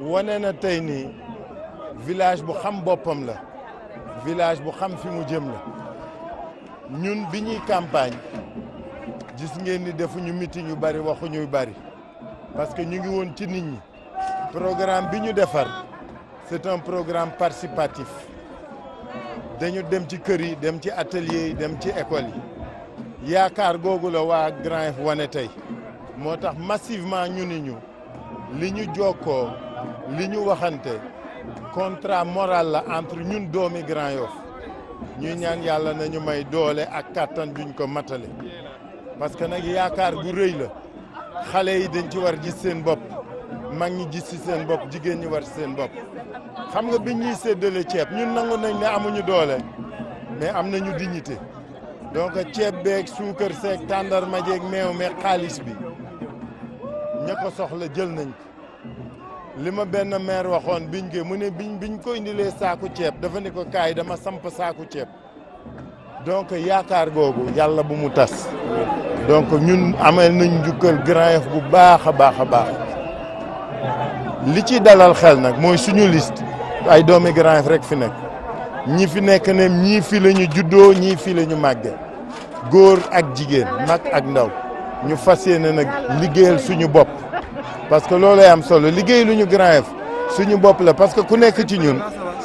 wane na tey nii village bu xam boppam la village bu xam fi mu jëm la ñun bi ñuy campagne gis ngeen ni defuñu meeting yu bari waxuñu yu bari parce que ñu ngi woon ci nit ñi programme bi ñu defar c'est un programme participatif dañu dem ci kër yi dem ci atelier dem ci école yi yaakaar googu la waa Grand Yoff wane tey moo tax massivement ñu ni ñu li ñu jokkoo li ñu waxante contrat moral la entre ñun doomi Grand Yoff ñuy ñaan yàlla nañu may doole ak kàttan buñ ko matale parce que nag yaakaar gu rëy la xale yi dañ ci war gis seen bopp mag ñi ji si seen bopp jigéen ñi war ci seen bopp xam nga bi ñuy séddale ceeb ñun nangu nañ ne amuñu doole mais am nañu dignité donc ceeb beeg suukar seeg tàndarma jeeg meew meeg xaalis bi ña ko soxla jël nañ li ma benn maire waxoon biñ ko mu ne biñ biñ ko indilee saaku ceeb dafa ne ko kaay dama samp saaku ceeb donc yaakaar googu yàlla bu mu tas donc ñun amee nañ njukkal Grand bu baax a baax a baax li ci dalal xel nag mooy suñu list ay doomi Grand Yoff rek fi nekk ñi fi nekk ne ñii fi la juddoo ñii fi la ñu màgge góor ak jigéen mag ak ndaw ñu fas yéene nag liggéeyal suñu bopp parce que loolay am solo liggéey lu ñu Grand suñu bopp la parce que ku nekk ci ñun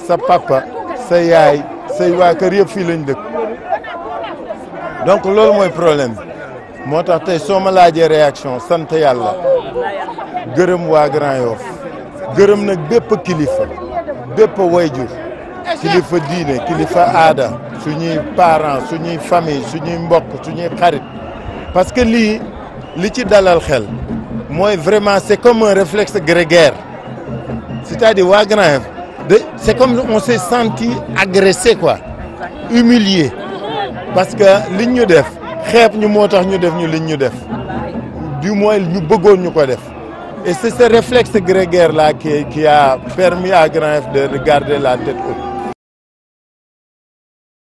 sa papa sa yaay say waa kër yëpp fii lañ dëkk donc loolu mooy problème moo tax tey soo ma laajee réaction sant yàlla gërëm waa Grand gërëm nag bépp kilifa bépp wayjur kilifa diine kilifa aada suñuy parent suñuy famille suñuy mbokk suñuy xarit parce que lii li ci dalal xel mooy vraiment c' est comme un réflexe grégaire c' est à dire waa Grand Yoff de c' est comme on s' est senti agressé quoi humilié parce que liñ ñu def xeeb ñu moo tax ñu def ñu liñ ñu def du moins ñu bëggoon ñu ko def et c' est ce réflexe grégaire là qui qui a permis à Grand Yoff de garder la tête haute.